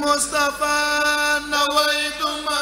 Mustafa nawaytu ma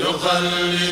يقلب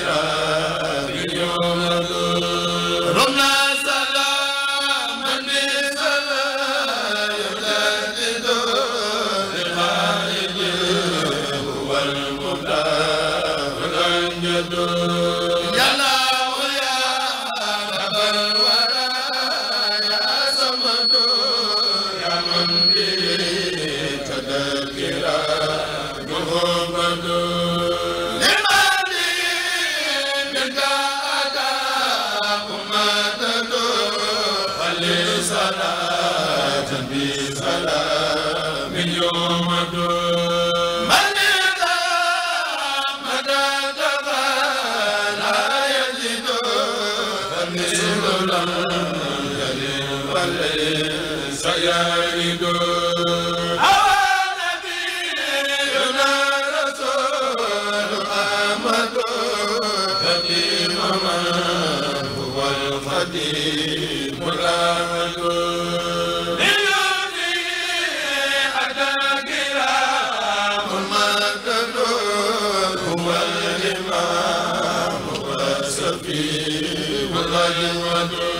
sira di وقد ودوا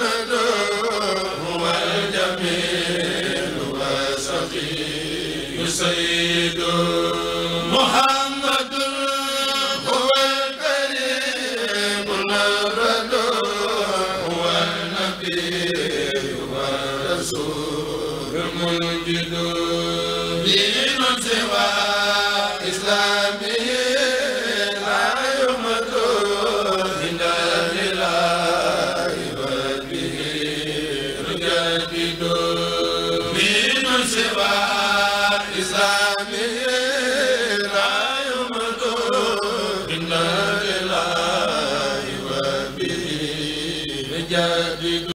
سواه